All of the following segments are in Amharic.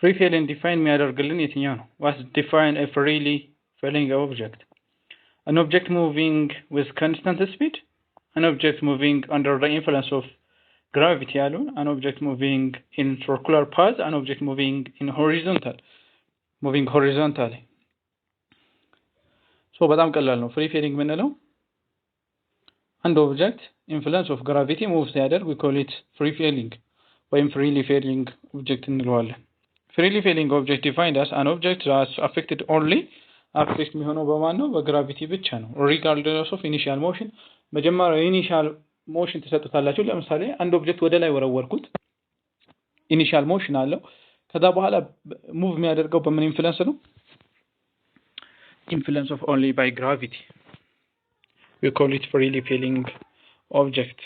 Free falling defined measurability was defined as freely falling object. An object moving with constant speed, an object moving under the influence of gravity alone, an object moving in circular path, an object moving in horizontal, moving horizontally. ሶ በጣም ቀላል ነው። ፍሪ ፌሊንግ influence አንድ ኦብጀክት ኢንፍሉንስ ኦፍ ግራቪቲ ሙቭ ሲያደርግ ዊ ኮል ኢት ፍሪ ፌሊንግ ወይም ፍሪሊ ፌሊንግ ኦብጀክት እንለዋለን። freely falling object defined as an object that's affected only affect me hono bamanno ba gravity regardless of initial motion majemara initial motion tesetotallachu lemisale and object wede lay werewerkut initial motion allo kada bohala move miyadergaw bemin influence of only by gravity we call it freely falling object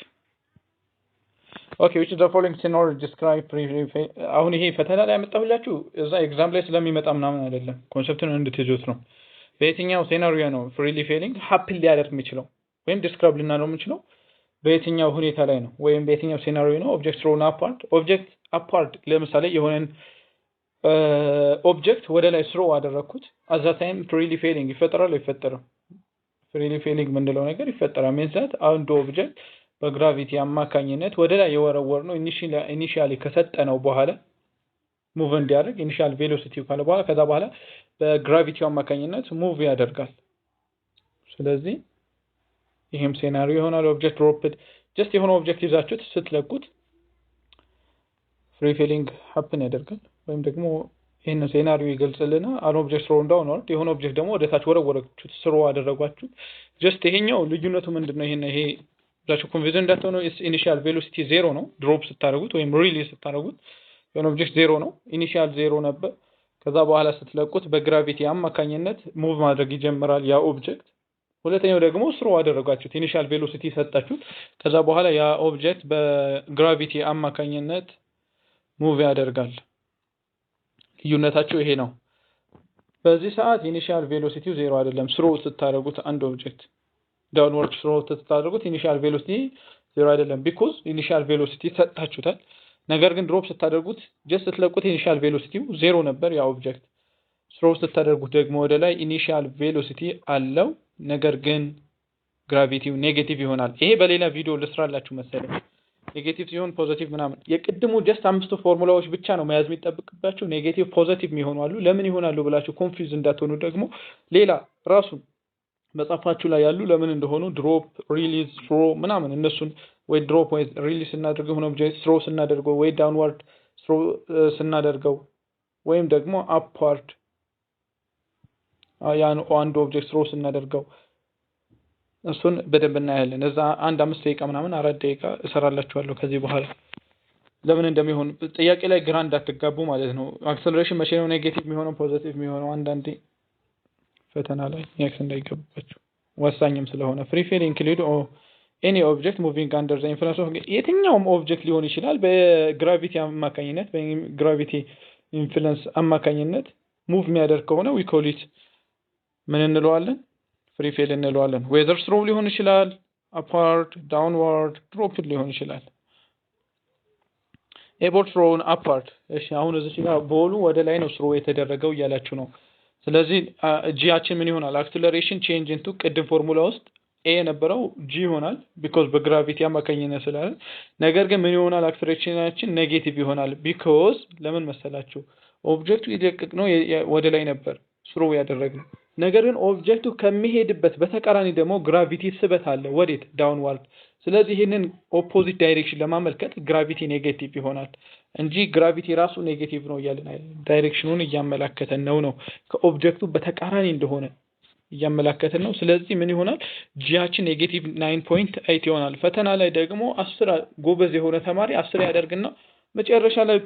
ኦኬ ዊች ዘ ፎሎዊንግ ሲኖር ዲስክራይብ አሁን ይሄ ፈተና ላይ ያመጣሁላችሁ እዛ ኤግዛም ላይ ስለሚመጣ ምናምን አይደለም። ኮንሰፕትን እንድትይዙት ነው። በየትኛው ሴናሪዮ ነው ፍሪሊ ፌሊንግ ሀፕ ሊያደርግ የሚችለው ወይም ዲስክራይብ ልናለው የምንችለው በየትኛው ሁኔታ ላይ ነው ወይም በየትኛው ሴናሪዮ ነው ኦብጀክት ሮን አፓርት ኦብጀክት አፓርት ለምሳሌ የሆነን ኦብጀክት ወደ ላይ ስሮ አደረግኩት አዛ ታይም ፍሪሊ ፌሊንግ ይፈጠራል አይፈጠርም? ፍሪሊ ፌሊንግ ምንለው ነገር ይፈጠራል። ሜንስ ዛት አሁን ኦብጀክት በግራቪቲ አማካኝነት ወደ ላይ የወረወር ነው ኢኒሺያሊ ከሰጠነው በኋላ ሙቭ እንዲያደርግ ኢኒሺያል ቬሎሲቲ ካለ በኋላ ከዛ በኋላ በግራቪቲው አማካኝነት ሙቭ ያደርጋል። ስለዚህ ይህም ሴናሪዮ ይሆናል። ኦብጀክት ሮፕድ ጀስት የሆነ ኦብጀክት ይዛችሁት ስትለቁት ፍሪ ፌሊንግ ሀፕን ያደርጋል ወይም ደግሞ ይህን ሴናሪዮ ይገልጽልና አን ኦብጀክት ስሮ እንዳውን የሆነ ኦብጀክት ደግሞ ወደታች ወረወረችሁት፣ ስሮ አደረጓችሁት። ጀስት ይሄኛው ልዩነቱ ምንድን ነው? ይሄ ብላችሁ ኮንፊውዝን እንዳትሆኑ ኢኒሺያል ቬሎሲቲ ዜሮ ነው። ድሮፕ ስታደርጉት ወይም ሪሊዝ ስታደርጉት የሆነ ኦብጀክት ዜሮ ነው። ኢኒሺያል ዜሮ ነበር። ከዛ በኋላ ስትለቁት በግራቪቲ አማካኝነት ሙቭ ማድረግ ይጀምራል ያ ኦብጀክት። ሁለተኛው ደግሞ ስሮ አደረጋችሁት፣ ኢኒሺያል ቬሎሲቲ ሰጣችሁት። ከዛ በኋላ ያ ኦብጀክት በግራቪቲ አማካኝነት ሙቭ ያደርጋል። ልዩነታቸው ይሄ ነው። በዚህ ሰዓት ኢኒሺያል ቬሎሲቲው ዜሮ አይደለም፣ ስሮ ስታደርጉት አንድ ኦብጀክት ዳውንወርድ ስሮ ስታደርጉት ኢኒሻል ቬሎሲቲ ዜሮ አይደለም፣ ቢኮዝ ኢኒሻል ቬሎሲቲ ሰጥታችሁታል። ነገር ግን ድሮፕ ስታደርጉት ጀስት ስትለቁት ኢኒሻል ቬሎሲቲው ዜሮ ነበር ያ ኦብጀክት። ስሮ ስታደርጉት ደግሞ ወደ ላይ ኢኒሻል ቬሎሲቲ አለው፣ ነገር ግን ግራቪቲው ኔጌቲቭ ይሆናል። ይሄ በሌላ ቪዲዮ ልስራላችሁ መሰለኝ። ኔጌቲቭ ሲሆን ፖዘቲቭ ምናምን። የቅድሙ ጀስት አምስቱ ፎርሙላዎች ብቻ ነው መያዝ የሚጠብቅባቸው። ኔጌቲቭ ፖዘቲቭ የሚሆኑ አሉ። ለምን ይሆናሉ ብላችሁ ኮንፊውዝ እንዳትሆኑ ደግሞ ሌላ ራሱን መጽሐፋችሁ ላይ ያሉ ለምን እንደሆኑ ድሮፕ ሪሊዝ ስሮ ምናምን እነሱን ወይ ድሮፕ ወይ ሪሊዝ ስናደርገው ሆነ ስሮ ስናደርገው ወይ ዳውንዋርድ ስሮ ስናደርገው ወይም ደግሞ አፕዋርድ ያን አንድ ኦብጀክት ስሮ ስናደርገው እሱን በደንብ እናያለን። እዛ አንድ አምስት ደቂቃ ምናምን አራት ደቂቃ እሰራላችኋለሁ ከዚህ በኋላ ለምን እንደሚሆን ጥያቄ ላይ ግራ እንዳትጋቡ ማለት ነው። አክሰለሬሽን መቼ ነው ኔጌቲቭ የሚሆነው ፖዘቲቭ የሚሆነው አንዳንዴ ፈተና ላይ ኤክስ እንዳይገቡባቸው ወሳኝም ስለሆነ ፍሪ ኢንክሉድ ኤኒ ኦብጀክት ሙቪንግ አንደር ዘ ኢንፍሉንስ ኦፍ የትኛውም ኦብጀክት ሊሆን ይችላል። በግራቪቲ አማካኝነት ወይም ግራቪቲ ኢንፍሉንስ አማካኝነት ሙቭ የሚያደርግ ከሆነ ዊ ኮል ኢት ምን እንለዋለን? ፍሪፌል እንለዋለን። ዌዘር ስሮ ሊሆን ይችላል፣ አፓርድ፣ ዳውንዋርድ፣ ድሮፕድ ሊሆን ይችላል። ኤቦርት ስሮውን አፓርድ። እሺ አሁን እዚህ ጋር ቦሉ ወደ ላይ ነው ስሮ የተደረገው እያላችሁ ነው። ስለዚህ ጂያችን ምን ይሆናል? አክስለሬሽን ቼንጅ ኢንቱ ቅድም ፎርሙላ ውስጥ ኤ የነበረው ጂ ይሆናል፣ ቢኮዝ በግራቪቲ አማካኝነት ስላለ። ነገር ግን ምን ይሆናል? አክስለሬሽናችን ኔጌቲቭ ይሆናል። ቢኮዝ ለምን መሰላችሁ? ኦብጀክቱ የደቀቅ ነው ወደ ላይ ነበር ስሩ ያደረግነው። ነገር ግን ኦብጀክቱ ከሚሄድበት በተቃራኒ ደግሞ ግራቪቲ ስበት አለ፣ ወዴት ዳውንዋርድ። ስለዚህ ይህንን ኦፖዚት ዳይሬክሽን ለማመልከት ግራቪቲ ኔጌቲቭ ይሆናል። እንጂ ግራቪቲ ራሱ ኔጌቲቭ ነው እያለን ዳይሬክሽኑን እያመላከተን ነው ነው ከኦብጀክቱ በተቃራኒ እንደሆነ እያመላከትን ነው። ስለዚህ ምን ይሆናል? ጂያችን ኔጌቲቭ ናይን ፖይንት አይት ይሆናል። ፈተና ላይ ደግሞ አስር ጎበዝ የሆነ ተማሪ አስር ያደርግና መጨረሻ ላይ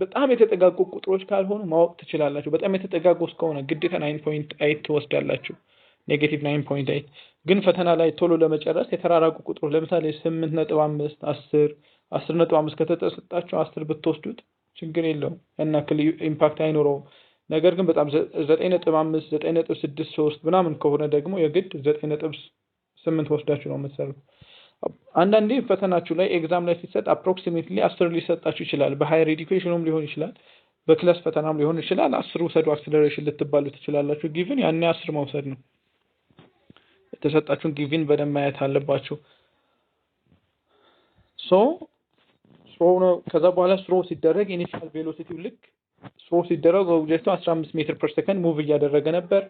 በጣም የተጠጋጉ ቁጥሮች ካልሆኑ ማወቅ ትችላላችሁ። በጣም የተጠጋጉ እስከሆነ ግዴታ ናይን ፖይንት አይት ትወስዳላችሁ። ኔጌቲቭ ናይን ፖይንት አይት ግን ፈተና ላይ ቶሎ ለመጨረስ የተራራቁ ቁጥሮች ለምሳሌ ስምንት ነጥብ አምስት አስር አስር ነጥብ አምስት ከተሰጣቸው አስር ብትወስዱት ችግር የለውም እና ክል ኢምፓክት አይኖረውም። ነገር ግን በጣም ዘጠኝ ነጥብ አምስት ዘጠኝ ነጥብ ስድስት ሶስት ምናምን ከሆነ ደግሞ የግድ ዘጠኝ ነጥብ ስምንት ወስዳችሁ ነው የምትሰሩት። አንዳንዴ ፈተናችሁ ላይ ኤግዛም ላይ ሲሰጥ አፕሮክሲሜትሊ አስር ሊሰጣችሁ ይችላል። በሀየር ኤዲኬሽኑም ሊሆን ይችላል፣ በክለስ ፈተናም ሊሆን ይችላል። አስር ውሰዱ አክስለሬሽን ልትባሉ ትችላላችሁ። ጊቭን ያኔ አስር መውሰድ ነው። የተሰጣችሁን ጊቪን በደንብ ማየት አለባችሁ ሶ ስሮ ነው። ከዛ በኋላ ስሮ ሲደረግ ኢኒሻል ቬሎሲቲው ልክ ስሮ ሲደረግ ኦብጀክቱ 15 ሜትር ፐር ሰከንድ ሙቭ እያደረገ ነበር።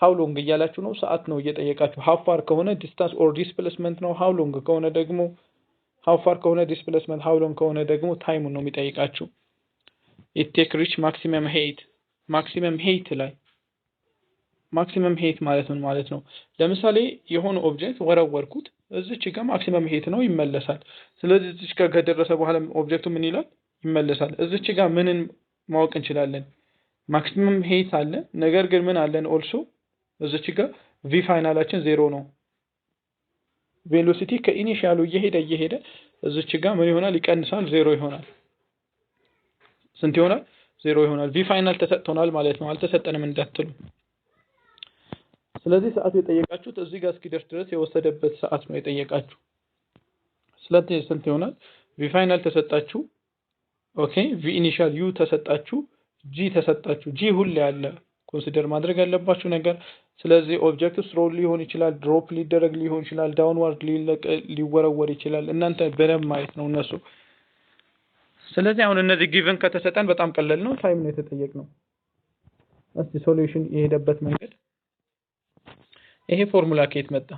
ሀው ሎንግ እያላችሁ ነው፣ ሰዓት ነው እየጠየቃችሁ። ሃው ፋር ከሆነ ዲስታንስ ኦር ዲስፕሌስመንት ነው። ሀው ሎንግ ከሆነ ደግሞ ሃው ፋር ከሆነ ዲስፕሌስመንት፣ ሀው ሎንግ ከሆነ ደግሞ ታይሙን ነው የሚጠይቃችሁ። ኢቴክ ሪች ማክሲመም ሄይት ማክሲመም ሄይት ላይ ማክሲመም ሄት ማለት ምን ማለት ነው? ለምሳሌ የሆነ ኦብጀክት ወረወርኩት፣ እዚች ጋር ማክሲመም ሄት ነው ይመለሳል። ስለዚህ እዚች ጋር ከደረሰ በኋላ ኦብጀክቱ ምን ይላል? ይመለሳል። እዚች ጋር ምንን ማወቅ እንችላለን? ማክሲመም ሄት አለ። ነገር ግን ምን አለን? ኦልሶ እዚች ጋር ቪ ፋይናላችን ዜሮ ነው። ቬሎሲቲ ከኢኒሽያሉ እየሄደ እየሄደ እዚች ጋር ምን ይሆናል? ይቀንሳል፣ ዜሮ ይሆናል። ስንት ይሆናል? ዜሮ ይሆናል። ቪ ፋይናል ተሰጥቶናል ማለት ነው። አልተሰጠንም እንዳትሉ ስለዚህ ሰዓት የጠየቃችሁት እዚህ ጋር እስኪደርስ ድረስ የወሰደበት ሰዓት ነው የጠየቃችሁ። ስለዚህ ስንት ይሆናል? ቪ ፋይናል ተሰጣችሁ፣ ኦኬ ቪ ኢኒሻል ዩ ተሰጣችሁ፣ ጂ ተሰጣችሁ። ጂ ሁሌ አለ ኮንሲደር ማድረግ ያለባችሁ ነገር። ስለዚህ ኦብጀክት ስሮል ሊሆን ይችላል፣ ድሮፕ ሊደረግ ሊሆን ይችላል፣ ዳውንዋርድ ሊወረወር ይችላል። እናንተ በደንብ ማየት ነው እነሱ። ስለዚህ አሁን እነዚህ ጊቨን ከተሰጠን በጣም ቀለል ነው። ታይም ነው የተጠየቅ ነው። እስቲ ሶሉሽን የሄደበት መንገድ ይሄ ፎርሙላ ከየት መጣ?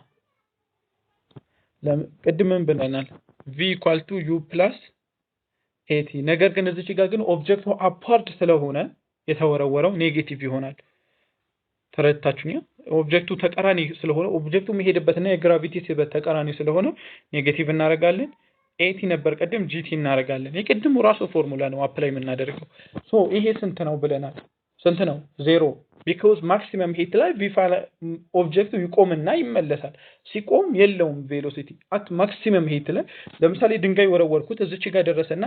ቅድምን ብለናል ቪ ኢኳል ቱ ዩ ፕላስ ኤቲ። ነገር ግን እዚች ጋር ግን ኦብጀክቱ አፓርት ስለሆነ የተወረወረው ኔጌቲቭ ይሆናል። ተረድታችሁኛ? ኦብጀክቱ ተቃራኒ ስለሆነ ኦብጀክቱ መሄድበትና የግራቪቲ ስበት ተቃራኒ ስለሆነ ኔጌቲቭ እናደርጋለን። ኤቲ ነበር ቅድም ጂቲ እናደርጋለን። የቅድሙ ራሱ ፎርሙላ ነው አፕላይ የምናደርገው። ሶ ይሄ ስንት ነው ብለናል? ስንት ነው? ዜሮ ቢኮዝ ማክሲመም ሄት ላይ ቪ ኦብጀክቱ ይቆምና ይመለሳል። ሲቆም የለውም ቬሎሲቲ አት ማክሲመም ሄት ላይ ለምሳሌ ድንጋይ ወረወርኩት እዚች ጋር ደረሰና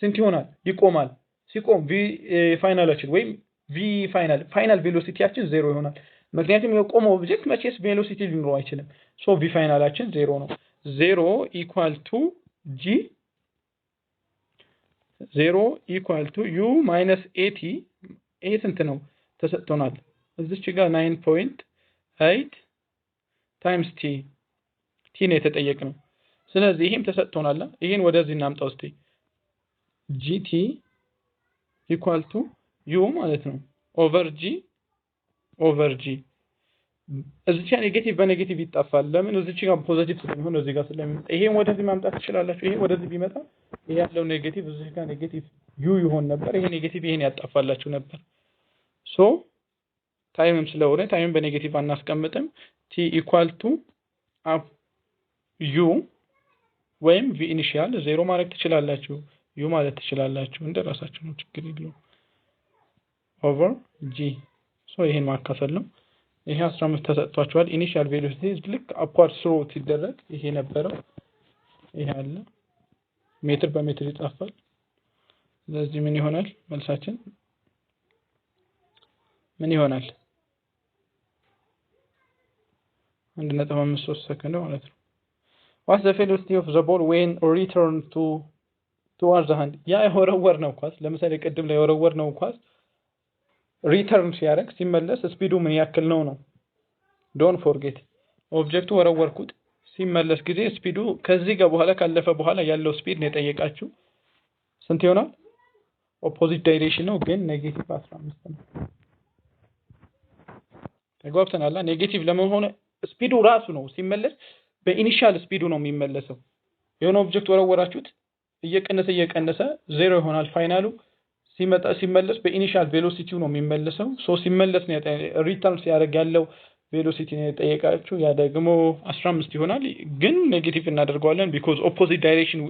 ስንት ይሆናል? ይቆማል። ሲቆም ፋይናላችን ወይም ቪ ፋይናል ፋይናል ቬሎሲቲያችን ዜሮ ይሆናል። ምክንያቱም የቆመው ኦብጀክት መቼስ ቬሎሲቲ ሊኖረው አይችልም። ሶ ቪ ፋይናላችን ዜሮ ነው። ዜሮ ኢኳል ቱ ጂ ዜሮ ኢኳል ቱ ዩ ማይነስ ኤቲ ይሄ ስንት ነው? ተሰጥቶናል። እዚች ጋር ናይን ፖይንት ኤይት ታይምስ ቲ ቲ ነው የተጠየቅነው። ስለዚህ ይህም ተሰጥቶናል። ይህን ወደዚህ እናምጣው እስቲ ጂቲ ኢኳል ቱ ዩ ማለት ነው ኦቨር ጂ ኦቨር ጂ እዚች ጋር ኔጌቲቭ በኔጌቲቭ ይጠፋል። ለምን እዚች ጋር ፖዚቲቭ ስለሚሆን እዚህ ጋር ስለሚመጣ ይሄን ወደዚህ ማምጣት ትችላላችሁ። ይሄ ወደዚህ ቢመጣ ይሄ ያለው ኔጌቲቭ እዚህ ጋር ኔጌቲቭ ዩ ይሆን ነበር። ይሄ ኔጌቲቭ ይሄን ያጣፋላችሁ ነበር። ሶ ታይምም ስለሆነ ታይምም በኔጌቲቭ አናስቀምጥም። ቲ ኢኳል ቱ አፕ ዩ ወይም ቪ ኢኒሺያል ዜሮ ማድረግ ትችላላችሁ፣ ዩ ማለት ትችላላችሁ። እንደ ራሳችሁ ነው፣ ችግር የለው። ኦቨር ጂ ሶ ይሄን ማካፈል ነው። ይሄ 15 አምስት ኢኒሺያል ቬሎሲቲ ልክ አፕዋርድ ስሮ ሲደረግ ይሄ ነበረው። ይሄ አለ ሜትር በሜትር ይጻፋል። ስለዚህ ምን ይሆናል መልሳችን? ምን ይሆናል? አንድ ነጥብ አምስት ሶስት ሰከንድ ማለት ነው። ዋት ዘ ቬሎሲቲ ኦፍ ዘ ቦል ዌን ሪተርን ቱ ቱዋርድ ዘ ሃንድ። ያ የወረወር ነው ኳስ ለምሳሌ ቅድም ላይ የወረወር ነው ኳስ ሪተርን ሲያደርግ ሲመለስ ስፒዱ ምን ያክል ነው ነው። ዶንት ፎርጌት ኦብጀክቱ ወረወርኩት ሲመለስ ጊዜ ስፒዱ ከዚህ ጋር በኋላ ካለፈ በኋላ ያለው ስፒድ ነው የጠየቃችሁ። ስንት ይሆናል? ኦፖዚት ዳይሬክሽን ነው ግን ኔጌቲቭ 15 ነው። ተግባብተናላ። ኔጌቲቭ ለመሆን ስፒዱ ራሱ ነው ሲመለስ በኢኒሻል ስፒዱ ነው የሚመለሰው። የሆነ ኦብጀክት ወረወራችሁት እየቀነሰ እየቀነሰ ዜሮ ይሆናል ፋይናሉ ሲመጣ ሲመለስ በኢኒሻል ቬሎሲቲው ነው የሚመለሰው። ሶ ሲመለስ ሪተርን ሲያደርግ ያለው ቬሎሲቲ ነው የጠየቃችሁ። ያ ደግሞ አስራ አምስት ይሆናል፣ ግን ኔጌቲቭ እናደርገዋለን ቢኮዝ ኦፖዚት ዳይሬክሽን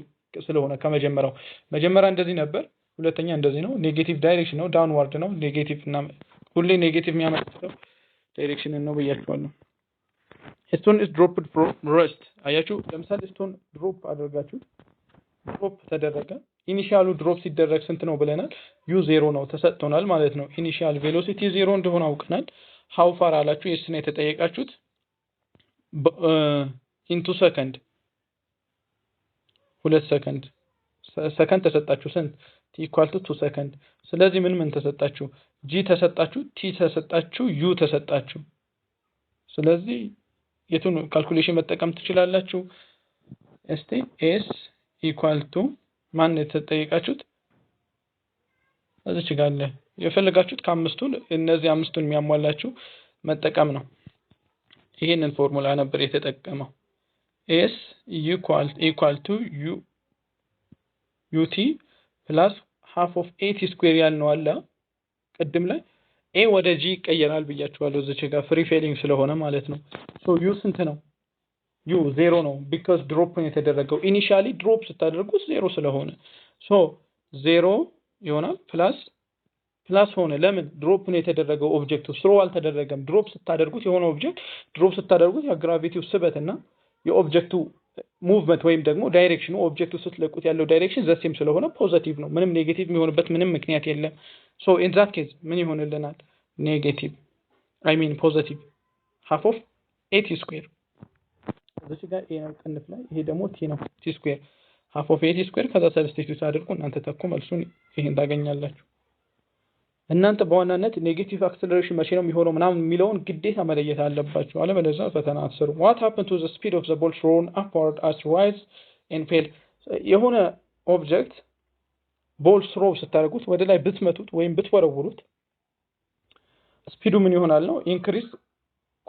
ስለሆነ ከመጀመሪያው። መጀመሪያ እንደዚህ ነበር፣ ሁለተኛ እንደዚህ ነው። ኔጌቲቭ ዳይሬክሽን ነው፣ ዳውንዋርድ ነው። ኔጌቲቭ እና ሁሌ ኔጌቲቭ የሚያመለክተው ዳይሬክሽንን ነው ብያችኋለሁ። ስቶን ኢዝ ድሮፕድ ረስት አያችሁ። ለምሳሌ ስቶን ድሮፕ አድርጋችሁት ድሮፕ ተደረገ። ኢኒሻሉ ድሮፕ ሲደረግ ስንት ነው ብለናል? ዩ ዜሮ ነው ተሰጥቶናል ማለት ነው። ኢኒሻል ቬሎሲቲ ዜሮ እንደሆነ አውቀናል። ሀው ፋር አላችሁ ነው የተጠየቃችሁት ኢንቱ ሰከንድ ሁለት ሰከንድ ሰከንድ ተሰጣችሁ። ስንት ቲ ኢኳል ቱ ቱ ሰከንድ። ስለዚህ ምን ምን ተሰጣችሁ? ጂ ተሰጣችሁ፣ ቲ ተሰጣችሁ፣ ዩ ተሰጣችሁ። ስለዚህ የቱን ካልኩሌሽን መጠቀም ትችላላችሁ? እስቲ ኤስ ኢኳል ቱ ማን የተጠየቃችሁት እዚች ጋር የፈለጋችሁት ከአምስቱን እነዚህ አምስቱን የሚያሟላችሁ መጠቀም ነው። ይህንን ፎርሙላ ነበር የተጠቀመው። ኤስ ኢኳል ቱ ዩቲ ፕላስ ሃፍ ኦፍ ኤቲ ስኩዌር ያልነው አለ ቅድም ላይ ኤ ወደ ጂ ይቀየራል ብያችኋለሁ። እዚች ጋር ፍሪ ፌሊንግ ስለሆነ ማለት ነው። ሶ ዩ ስንት ነው? ዩ ዜሮ ነው። ቢካዝ ድሮፕ ነው የተደረገው። ኢኒሻሊ ድሮፕ ስታደርጉት ዜሮ ስለሆነ ሶ ዜሮ ይሆናል ፕላስ ፕላስ ሆነ። ለምን ድሮፕ ነው የተደረገው ኦብጀክቱ ስሮ አልተደረገም። ድሮፕ ስታደርጉት የሆነ ኦብጀክት ድሮፕ ስታደርጉት የግራቪቲው ስበት እና የኦብጀክቱ ሙቭመንት ወይም ደግሞ ዳይሬክሽኑ ኦብጀክቱ ስትለቁት ያለው ዳይሬክሽን ዘሴም ስለሆነ ፖዘቲቭ ነው። ምንም ኔጌቲቭ የሚሆንበት ምንም ምክንያት የለም። ሶ ኢን ዛት ኬዝ ምን ይሆንልናል? ኔጌቲቭ አይ ሚን ፖዘቲቭ ሀፍ ኦፍ ኤ ስኩር ስኩዌር እዚች ጋር ኤ ነው ቅንፍ ላይ፣ ይሄ ደግሞ ቲ ነው ቲ ስኩዌር ሀፍ ኦፍ ኤቲ ስኩዌር። ከዛ ሰብስቲቱት አድርጉ እናንተ ተኩ መልሱን ይህን ታገኛላችሁ። እናንተ በዋናነት ኔጌቲቭ አክሰለሬሽን መቼ ነው የሚሆነው ምናምን የሚለውን ግዴታ መለየት አለባቸው። አለበለዚያ ፈተና አትሰሩ። ዋት ሀፕን ቱ ስፒድ ኦፍ ዘ ቦል ትሮን አፕዋርድ አስ ራይዝ ኤንድ ፔል የሆነ ኦብጀክት ቦል ስሮ ስታደርጉት ወደ ላይ ብትመቱት ወይም ብትወረውሩት ስፒዱ ምን ይሆናል ነው? ኢንክሪዝ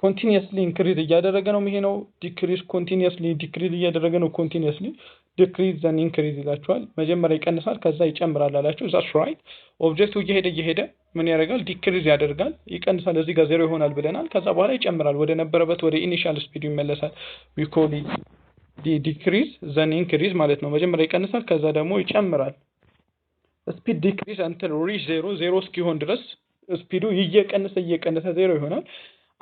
ኮንቲኒየስሊ ኢንክሪዝ እያደረገ ነው ይሄ ነው። ዲክሪዝ ኮንቲኒየስሊ ዲክሪዝ እያደረገ ነው ኮንቲኒየስሊ ዲክሪዝ ዘን ኢንክሪዝ ይላቸዋል። መጀመሪያ ይቀንሳል፣ ከዛ ይጨምራል አላቸው። ዛትስ ራይት። ኦብጀክቱ እየሄደ እየሄደ ምን ያደርጋል? ዲክሪዝ ያደርጋል፣ ይቀንሳል። እዚህ ጋር ዜሮ ይሆናል ብለናል። ከዛ በኋላ ይጨምራል፣ ወደ ነበረበት ወደ ኢኒሻል ስፒዱ ይመለሳል። ዊ ኮል ዲክሪዝ ዘን ኢንክሪዝ ማለት ነው። መጀመሪያ ይቀንሳል፣ ከዛ ደግሞ ይጨምራል። ስፒድ ዲክሪዝ አንትል ሪች ዜሮ፣ ዜሮ እስኪሆን ድረስ ስፒዱ እየቀነሰ እየቀነሰ ዜሮ ይሆናል።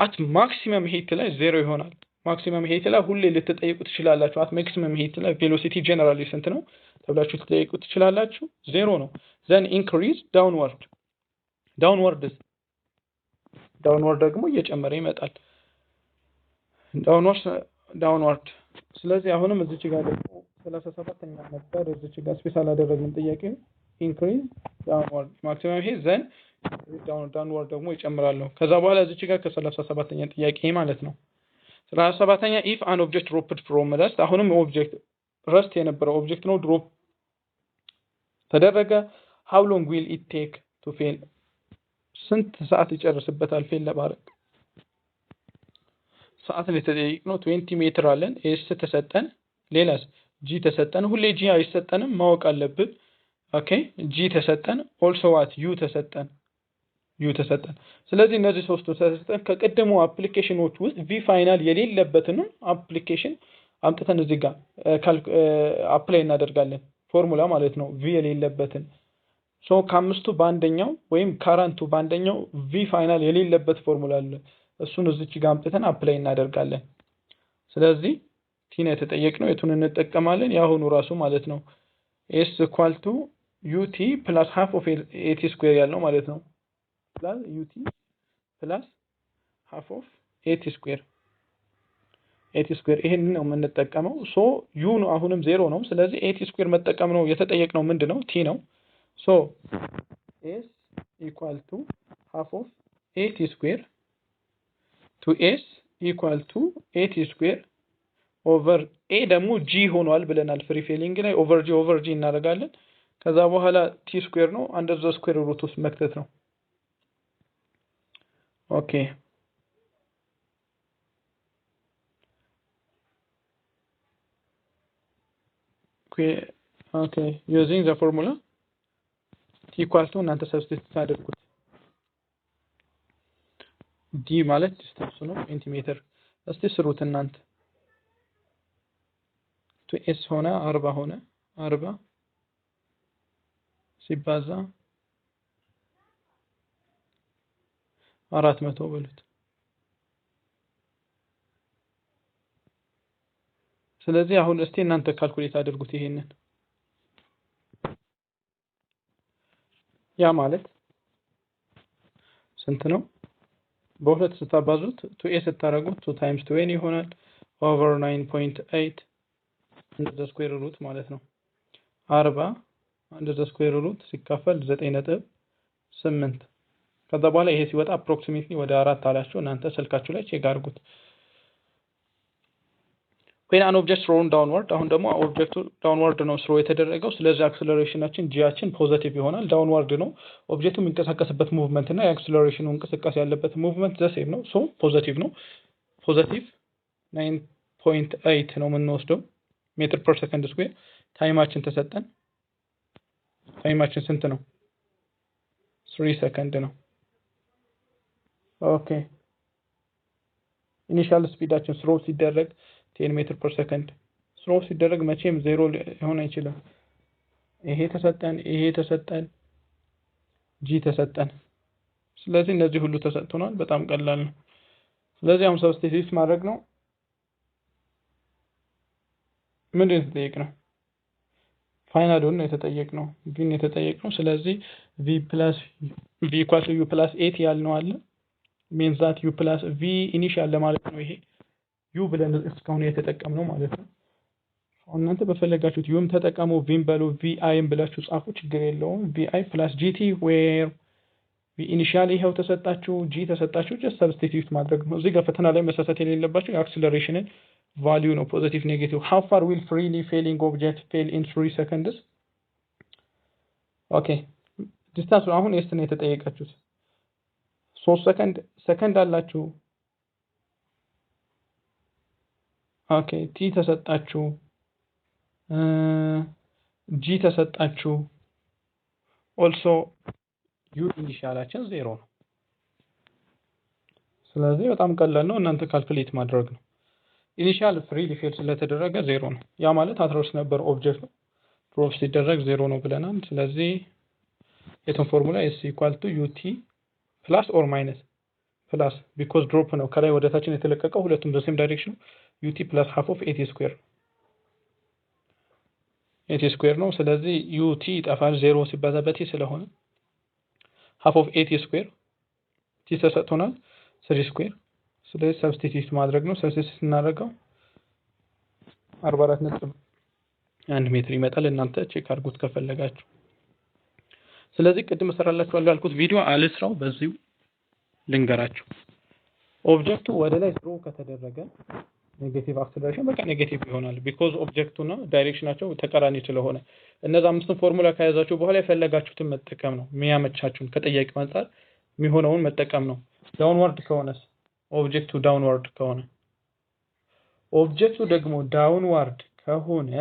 አት ማክሲመም ሂት ላይ ዜሮ ይሆናል። ማክሲመም ሄት ላይ ሁሌ ልትጠይቁ ትችላላችሁ። አት ማክሲመም ሄት ላይ ቬሎሲቲ ጀነራሊ ስንት ነው ተብላችሁ ልትጠይቁ ትችላላችሁ። ዜሮ ነው። ዘን ኢንክሪዝ ዳውንወርድ ዳውንወርድ ዳውንወርድ ደግሞ እየጨመረ ይመጣል። ዳውንወርድ ዳውንወርድ። ስለዚህ አሁንም እዚች ጋር ደግሞ ሰላሳ ሰባተኛ ነበር እዚች ጋር ስፔሻል አደረግን ጥያቄ ኢንክሪዝ ዳውንወርድ ማክሲመም ሄት ዘን ዳውንወርድ ደግሞ ይጨምራለሁ። ከዛ በኋላ እዚች ጋር ከሰላሳ ሰባተኛ ጥያቄ ማለት ነው። ሰላሳ ሰባተኛ ኢፍ አን ኦብጀክት ድሮፕድ ፍሮም ረስት አሁንም ኦብጀክት ረስት የነበረው ኦብጀክት ነው ድሮፕ ተደረገ ሃው ሎንግ ዊል ኢት ቴክ ቱ ፌል ስንት ሰዓት ይጨርስበታል ፌል ለማድረግ ሰዓት ነው የተጠየቅነው 20 ሜትር አለን ኤስ ተሰጠን ሌላስ ጂ ተሰጠን ሁሌ ጂ አይሰጠንም ማወቅ አለብን ኦኬ ጂ ተሰጠን ኦልሶ ዋት ዩ ተሰጠን ዩ ተሰጠን። ስለዚህ እነዚህ ሶስቱ ተሰጠን። ከቀደሙ አፕሊኬሽኖች ውስጥ ቪ ፋይናል የሌለበትንም አፕሊኬሽን አምጥተን እዚህ ጋር አፕላይ እናደርጋለን። ፎርሙላ ማለት ነው። ቪ የሌለበትን ሶ ከአምስቱ በአንደኛው ወይም ከአራንቱ በአንደኛው ቪ ፋይናል የሌለበት ፎርሙላ አለ። እሱን እዚች ጋር አምጥተን አፕላይ እናደርጋለን። ስለዚህ ቲና የተጠየቅነው የቱን እንጠቀማለን? የአሁኑ ራሱ ማለት ነው ኤስ ኳልቱ ዩቲ ፕላስ ሃፍ ኦፍ ኤቲ ስኩዌር ያለው ማለት ነው። ይችላል ዩቲ ፕላስ ሀፍ ኦፍ ኤቲ ስኩዌር ኤቲ ስኩዌር ይሄን ነው የምንጠቀመው። ሶ ዩ ነው አሁንም ዜሮ ነው። ስለዚህ ኤቲ ስኩዌር መጠቀም ነው የተጠየቅነው። ምንድን ነው ቲ ነው። ሶ ኤስ ኢኳል ቱ ሀፍ ኦፍ ኤቲ ስኩዌር ቱ ኤስ ኢኳል ቱ ኤቲ ስኩዌር ኦቨር ኤ ደግሞ ጂ ሆኗል ብለናል። ፍሪ ፌሊንግ ላይ ኦቨር ጂ ኦቨር ጂ እናደርጋለን። ከዛ በኋላ ቲ ስኩዌር ነው አንደር ዘ ስኩዌር ሩት ውስጥ መክተት ነው። okay okay okay using the formula equal to እናንተ ሰብስቲት አድርጉት d ማለት ዲስታንስ ነው ሴንቲሜትር እስቲ ስሩት እናንተ to s ሆነ 40 ሆነ 40 ሲባዛ አራት መቶ በሉት። ስለዚህ አሁን እስቲ እናንተ ካልኩሌት አድርጉት ይሄንን። ያ ማለት ስንት ነው? በሁለት ስታባዙት ቱ ኤ ስታደርጉት ቱ ታይምስ ቱ ይሆናል ኦቨር ናይን ፖይንት ኤይት አንደር ስኩዌር ሩት ማለት ነው። አርባ አንደር ስኩዌር ሩት ሲካፈል ዘጠኝ ነጥብ ስምንት ከዛ በኋላ ይሄ ሲወጣ አፕሮክሲሜትሊ ወደ አራት አላችሁ እናንተ ስልካችሁ ላይ ቼክ አድርጉት። ወይ አን ኦብጀክት ስሮን ዳውንወርድ። አሁን ደግሞ ኦብጀክቱ ዳውንወርድ ነው ስሮ የተደረገው። ስለዚህ አክስለሬሽናችን ጂያችን ፖዘቲቭ ይሆናል። ዳውንወርድ ነው ኦብጀክቱ የሚንቀሳቀስበት ሙቭመንት እና የአክስለሬሽኑ እንቅስቃሴ ያለበት ሙቭመንት ዘሴም ነው። ሶ ፖዘቲቭ ነው። ፖዘቲቭ ናይን ፖይንት ኤይት ነው የምንወስደው ሜትር ፐር ሰከንድ ስኩዌር። ታይማችን ተሰጠን። ታይማችን ስንት ነው? ስሪ ሰከንድ ነው። ኦኬ ኢኒሻል ስፒዳችን ስሮ ሲደረግ ቴን ሜትር ፐር ሰከንድ ስሮ ሲደረግ መቼም ዜሮ ሊሆን አይችልም። ይሄ ተሰጠን፣ ይሄ ተሰጠን፣ ጂ ተሰጠን። ስለዚህ እነዚህ ሁሉ ተሰጥቶናል። በጣም ቀላል ነው። ስለዚህ አሁን ሰብስቲቲዩት ማድረግ ነው። ምንድን የተጠየቅ ነው? ፋይናሉን ነው የተጠየቅ ነው፣ ቪን የተጠየቅ ነው። ስለዚህ ቪ ፕላስ ቪ ኢኳል ዩ ፕላስ ኤት ያልነው አለ ሜንስ ዛት ዩ ፕላስ ቪ ኢኒሻል ለማለት ነው። ይሄ ዩ ብለን እስካሁን የተጠቀምነው ማለት ነው። እናንተ በፈለጋችሁት ዩም ተጠቀሙ፣ ቪም በሉ፣ ቪ አይም ብላችሁ ጻፉ፣ ችግር የለውም። ቪ አይ ፕላስ ጂቲ ዌር ቪ ኢኒሻል ይኸው ተሰጣችሁ፣ ጂ ተሰጣችሁ። ጀስት ሰብስቲትዩት ማድረግ ነው። እዚህ ጋር ፈተና ላይ መሳሳት የሌለባችሁ የአክስለሬሽንን ቫሊዩ ነው። ፖዚቲቭ ኔጌቲቭ። ሃው ፋር ዊል ፍሪሊ ፌሊንግ ኦብጀክት ፌል ኢን ትሪ ሰከንድስ። ኦኬ ዲስታንስ አሁን ኤስት ነው የተጠየቃችሁት። ሶስት ሰከንድ ሰከንድ አላችሁ። ኦኬ ቲ ተሰጣችሁ፣ ጂ ተሰጣችሁ። ኦልሶ ዩ ኢኒሻላችን ዜሮ ነው። ስለዚህ በጣም ቀላል ነው፣ እናንተ ካልኩሌት ማድረግ ነው። ኢኒሻል ፍሪ ሊፌል ስለተደረገ ዜሮ ነው። ያ ማለት አትሮስ ነበር ኦብጀክት ነው። ድሮፕ ሲደረግ ዜሮ ነው ብለናል። ስለዚህ የቱን ፎርሙላ ኤስ ኢኳል ቱ ዩቲ ፕላስ ኦር ማይነስ ፕላስ ቢኮዝ ድሮፕ ነው ከላይ ወደታችን የተለቀቀው ሁለቱም በሴም ዳይሬክሽን ዩቲ ፕላስ ሀፍ ኦፍ ኤቲ ስኩዌር ኤቲ ስኩዌር ነው። ስለዚህ ዩቲ ይጠፋል ዜሮ ሲባዛ በቲ ስለሆነ ሀፍ ኦፍ ኤቲ ስኩዌር ቲ ተሰጥቶናል ስሪ ስኩዌር። ስለዚህ ሰብስቲቲዩት ማድረግ ነው። ሰብስቲቲዩት ስናደርገው አርባ አራት ነጥብ አንድ ሜትር ይመጣል። እናንተ ቼክ አድርጉት ከፈለጋችሁ። ስለዚህ ቅድም እሰራላችኋለሁ ያልኩት ቪዲዮ አልስራው በዚሁ ልንገራችሁ። ኦብጀክቱ ወደ ላይ ስሮ ከተደረገ ኔጌቲቭ አክሰለሬሽን በቃ ኔጌቲቭ ይሆናል። ቢኮዝ ኦብጀክቱና ዳይሬክሽናቸው ተቃራኒ ስለሆነ እነዛ አምስቱን ፎርሙላ ከያዛችሁ በኋላ የፈለጋችሁትን መጠቀም ነው የሚያመቻችሁን። ከጠያቂ አንጻር የሚሆነውን መጠቀም ነው። ዳውንዋርድ ከሆነስ ኦብጀክቱ ዳውንዋርድ ከሆነ ኦብጀክቱ ደግሞ ዳውንዋርድ ከሆነ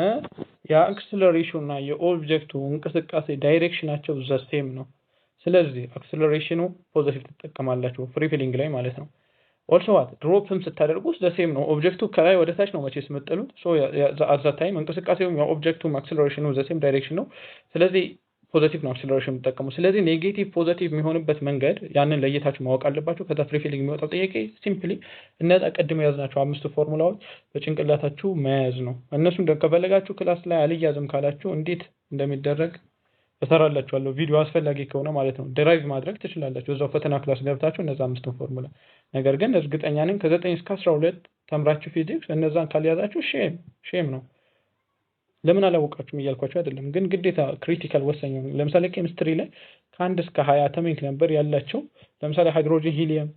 እና የኦብጀክቱ እንቅስቃሴ ዳይሬክሽናቸው ዘሴም ነው። ስለዚህ አክስለሬሽኑ ፖዘቲቭ ትጠቀማላችሁ ፍሪ ፊሊንግ ላይ ማለት ነው። ኦልሶ ዋት ድሮፕም ስታደርጉ ዘሴም ነው። ኦብጀክቱ ከላይ ወደ ታች ነው መቼ ስመጠሉት አዛታይም እንቅስቃሴውም ኦብጀክቱ አክስለሬሽኑ ዘሴም ዳይሬክሽን ነው። ስለዚህ ፖዘቲቭ ነው አክስለሬሽን የምጠቀሙ። ስለዚህ ኔጌቲቭ ፖዘቲቭ የሚሆንበት መንገድ ያንን ለየታችሁ ማወቅ አለባችሁ። ከዛ ፍሪ ፊሊንግ የሚወጣው ጥያቄ ሲምፕሊ እነዛ ቀድሞ የያዝናቸው አምስቱ ፎርሙላዎች በጭንቅላታችሁ መያዝ ነው። እነሱን ከፈለጋችሁ ክላስ ላይ አልያዝም ካላችሁ እንዴት እንደሚደረግ እሰራላችኋለሁ ቪዲዮ አስፈላጊ ከሆነ ማለት ነው። ድራይቭ ማድረግ ትችላላችሁ እዛው ፈተና ክላስ ገብታችሁ እነዛ አምስቱን ፎርሙላ። ነገር ግን እርግጠኛ ነኝ ከዘጠኝ እስከ አስራ ሁለት ተምራችሁ ፊዚክስ እነዛን ካልያዛችሁ ሼም ሼም ነው። ለምን አላወቃችሁም እያልኳቸው አይደለም፣ ግን ግዴታ ክሪቲካል ወሳኝ ነው። ለምሳሌ ኬሚስትሪ ላይ ከአንድ እስከ ሀያ አቶሚክ ነበር ያላቸው። ለምሳሌ ሃይድሮጂን፣ ሂሊየም፣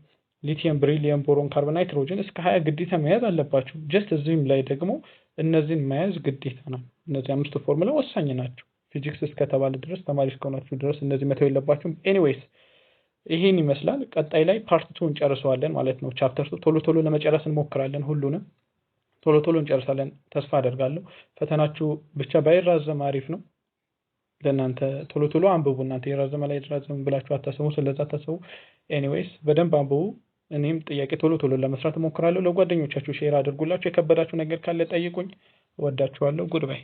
ሊቲየም፣ ብሪሊየም፣ ቦሮን፣ ካርቦን፣ ናይትሮጅን እስከ ሀያ ግዴታ መያዝ አለባቸው። ጀስት እዚህም ላይ ደግሞ እነዚህን መያዝ ግዴታ ነው። እነዚህ አምስቱ ፎርሙላ ወሳኝ ናቸው። ፊዚክስ እስከተባለ ድረስ ተማሪ እስከሆናችሁ ድረስ እነዚህ መተው የለባችሁም። ኤኒዌይስ ይህን ይመስላል። ቀጣይ ላይ ፓርት ቱ እንጨርሰዋለን ማለት ነው። ቻፕተር ቶሎ ቶሎ ለመጨረስ እንሞክራለን። ሁሉንም ቶሎ ቶሎ እንጨርሳለን ተስፋ አደርጋለሁ። ፈተናችሁ ብቻ ባይራዘም አሪፍ ነው ለእናንተ። ቶሎ ቶሎ አንብቡ እናንተ። ላይ አይራዘም ብላችሁ አታሰቡ። ስለዛ አታስቡ። ኤኒዌይስ በደንብ አንብቡ። እኔም ጥያቄ ቶሎ ቶሎ ለመስራት እሞክራለሁ። ለጓደኞቻችሁ ሼር አድርጉላችሁ። የከበዳችሁ ነገር ካለ ጠይቁኝ። ወዳችኋለሁ። ጉድባይ